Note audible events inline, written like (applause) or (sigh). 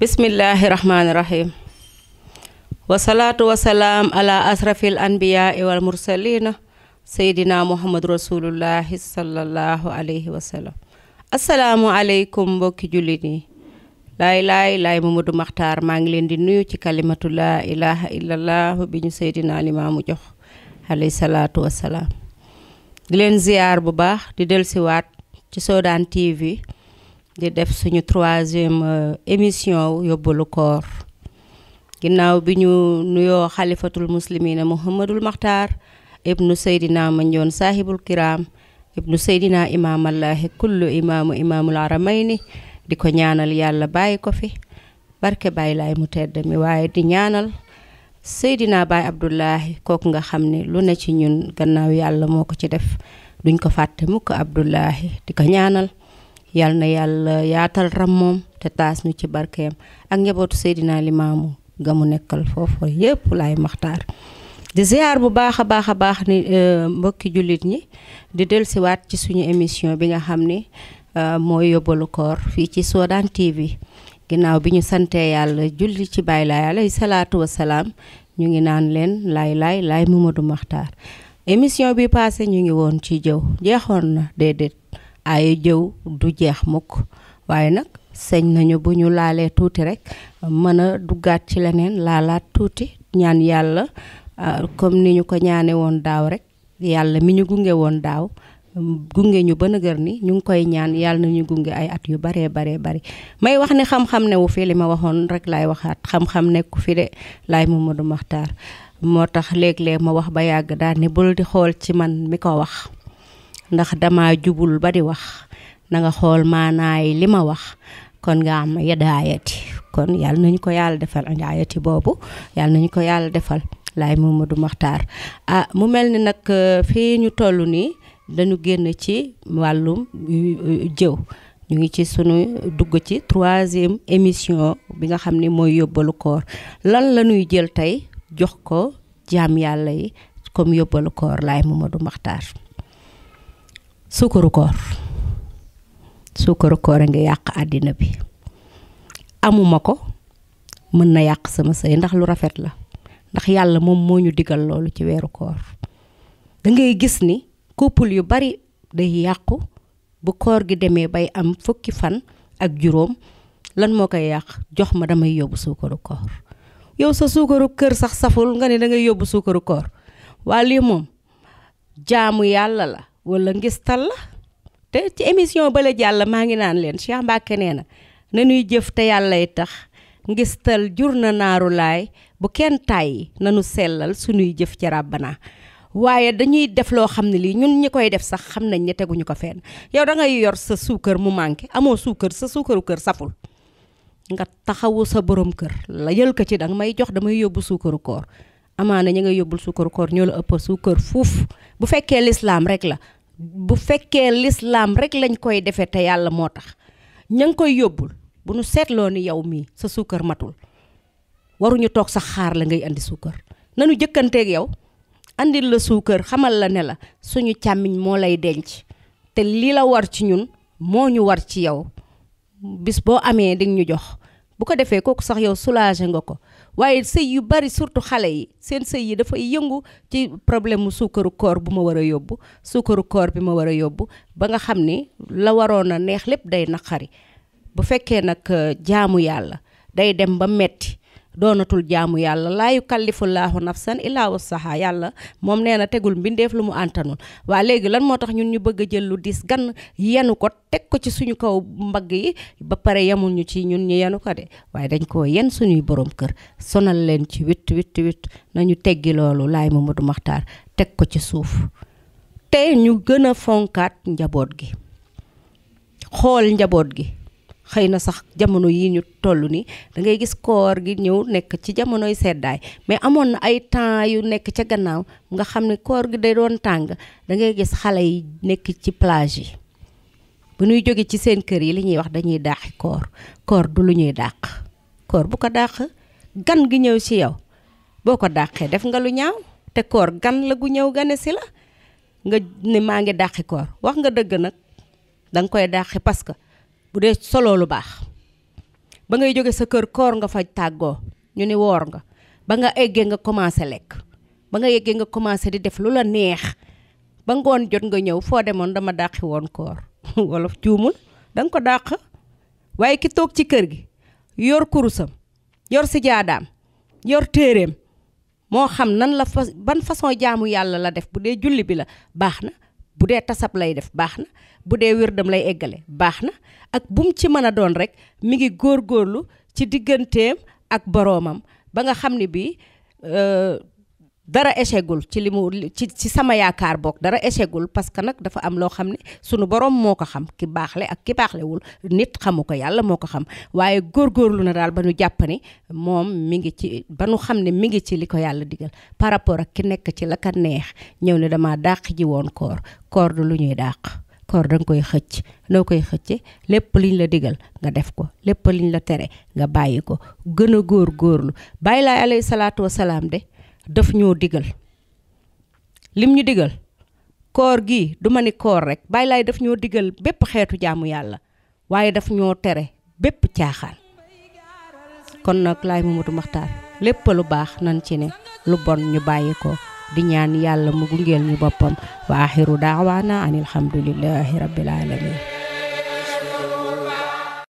bismillahi rahmaani rahim wasalaatu wasalaam ala asrafil wal mursalina seydina muhammad rasulullahi sallallahu alayhi wa sallam asalaamualeykum mbokki jullit yi laay laay laay Mamadou Makhtar maa ngi leen di nuyu ci kalimatu laa ilaha illallah bi ñu seydina limaamu jox alayhi salaatu wasalaam leen ziyaar bu baax di dellusiwaat ci Soodaan TV di def suñu troisième euh, émission yóbbalu koor ginnaaw bi ñu nuyoo xalifatul muslimina muhammadul maxtaar ibnu seydina manjoon saahibul kiram ibnu seydina imaamallahi kullu imaamu imaamul aramayni di ko ñaanal yàlla bàyyi ko fi barke bàyyi laay mu tedd mi waaye di ñaanal seydina baay abdullahi kooku nga xam ne lu ne ci ñun gannaaw yàlla moo ko ci def duñ ko fàtte mukk abdullahi di ko ñaanal yal na yàlla yaatal moom te taas ñu ci barkeem ak njabootu Seydina Limaamu ga mu nekkal foofu yépp laay maxtaar di ziar bu baax a baax a baax ni euh, mbokki jullit ñi di dellusiwaat ci suñu émission bi nga xam ni euh, mooy yóbbalu koor fii ci soo Soodaan TV ginnaaw bi ñu santee yàlla julli ci bàyyi laay alayhi salaatu wasalaam ñu ngi naan leen laay laay laay Mamadou Maxtaar émission bi passé ñu ngi woon ci jëw jeexoon na déedéet ay jëw du jeex mukk waaye nag sëñ nañu bu ñu laalee tuuti rek mën a duggaat ci leneen laalaat tuuti ñaan yàlla euh, comme ni ñu ko ñaane woon daaw rek yàlla mi ñu gunge woon daaw gunge ñu ba nëgër ni ñu ngi koy ñaan yàlla nañu gunge ay at yu baree baree bari may wax ni xam-xam newu fii li ma waxoon rek laay waxaat xam-xam nekku fi de laay Mamadou Makhtar moo tax léeg-léeg ma wax ba yàgg daal ni bul di xool ci man mi ko wax ndax dama jubul ba di wax na nga xool maanaay li ma wax kon nga am yadaayati kon yàlla nañu ko yàlla defal ndaayati boobu yàlla nañu ko yàlla defal laay Mamadou Makhtar ah mu mel ni nag euh, fii ñu toll nii dañu génn ci wàllum jëw ñu ngi ci sunu dugg ci troisième émission bi nga xam ni mooy yóbbalu koor lan la ñuy jël tey jox ko jaam yàlla yi comme yóbbalu koor laay Mamadou Makhtar suukaru koor suukaru koor a ngi yàq àddina bi amuma ko mën na yàq sama sëy ndax lu rafet la ndax yàlla moom moo ñu digal loolu ci weeru koor da ngay gis ni couple yu bari day yàqu bu koor gi demee bay am fukki fan ak juróom lan moo koy yàq jox ma damay yóbbu suukaru koor yow sa suukaru kër sax saful nga ne da ngay yóbbu suukaru koor waa lii moom jaamu yàlla la wala ngistal la te ci émission bale jàll maa ngi naan leen Cheikh Mbacke nee na na jëf te yàllay tax ngistal jur na naaru laay bu kenn tàyyi nanu sellal suñuy jëf ci rabbana waaye dañuy def loo xam ne lii ñun ñi koy def sax xam nañ ne teguñu ko fenn yow da ngay yor sa suukar mu manqué amoo suukar sa suukaru kër saful nga taxawu sa borom kër la yël ko ci danga may jox damay yóbbu suukaru koor amaana ñi ngay yóbbul suukar koor ñoo la ëpp suukar fuuf bu fekkee lislaam rek la bu fekkee lislaam rek lañ koy defee te yàlla moo tax ña ngi koy yóbbul bu nu seetloo ni yow mii sa suukar matul waruñu toog sax xaar la ngay indi suukar nanu jëkkanteeg yow andil la suukar xamal la ne la suñu càmmiñ moo lay denc te li la war ci ñun moo ñu war ci yow bis boo amee di ñu jox bu ko defee kooku sax yow soulager nga ko waaye sëy yu bari surtout xale yi seen sëy yi dafay yëngu ci problème mu suukaru koor bu ma war a yóbbu suukaru koor bi ma war a yóbbu ba nga xam ni la waroon a neex lépp day naqari bu fekkee nag jaamu yàlla day dem ba metti doonatul jaamu yàlla laa yukallifullaahu nafsan illaa wasaha yàlla moom nee na tegul mbindeef lu mu àntanul waa léegi lan moo tax ñun ñu bëgg a jël lu dis gan yenu ko teg ko ci suñu kaw mbagg yi ba pare yamuñu ci ñun ñu yenu ko de waaye dañ koo yen suñuy boroom kër sonal leen ci witt witt nañu teggi loolu laay Mamadou Makhtar teg ko ci suuf te ñu gën a fonkaat njaboot gi xool njaboot gi xëy na sax jamono yi ñu toll ni da ngay gis koor gi ñëw nekk ci jamonoy seddaay mais amoon na ay temps yu nekk ca gannaaw nga xam ne koor gi day doon tàng da ngay gis xale yi nekk ci plage yi bu ñuy jóge ci seen kër yi li ñuy wax dañuy daaxi koor koor du lu ñuy dàq koor bu ko dàq gan gi ñëw ci yow boo ko dàqee def nga lu ñaaw te koor gan la gu ñëw gane si la nga ne maa ngi dàqi koor wax nga dëgg nag danga koy dàqi parce que bu dee soloo lu baax ba ngay jóge sa kër koor nga faj tàggoo ñu ni woor nga ba nga eggee nga commencé lekk ba nga yeggee nga commencé di def lu la neex ba ngoon jot nga ñëw foo demoon dama dàq woon koor (laughs) wolof juumul danga ko dàq waaye ki toog ci kër gi yor kurusam yor si jaadaam yor téeréem moo xam nan la fa ban façon jaamu yàlla la def bu dee julli bi la baax na bu dee tasab lay def baax na bu dee wér wirdam lay eggale baax na ak bu mu ci mën a doon rek mu ngi góor góorlu ci digganteem ak boroomam ba nga xam ne bii euh, dara échegul ci li mu ci ci sama yaakaar book dara échegul parce que nag dafa am loo xam ne sunu boroom moo ko xam ki baaxle ak ki baaxlewul nit xamu ko yàlla moo ko xam waaye góor góorgóorlu na daal ba nu jàpp ni moom mi ngi ci ba nu xam ne mi ngi ci li ko yàlla digal par rapport ak ki nekk ci la ka neex ñëw ni dama dàq ji woon koor koor du lu ñuy dàq. koor danga koy xëcc noo koy xëcce lépp liñ la digal nga def ko lépp liñ la tere nga bàyyi ko gën a góor góorlu bàyyi laay alayhi salaatu wasalaam de daf ñoo digal lim ñu digal koor gi du ma ni koor rekk bàyyi laay daf ñoo digal bépp xeetu jaamu yàlla waaye daf ñoo tere bépp caaxaan kon nag laay Mamadou Makhtar lépp lu baax nan ci ne lu bon ñu bàyyi ko di ñaan yàlla mu gungeel ñu boppam wa axiru daawaana an alhamdulillahi rabbil alamin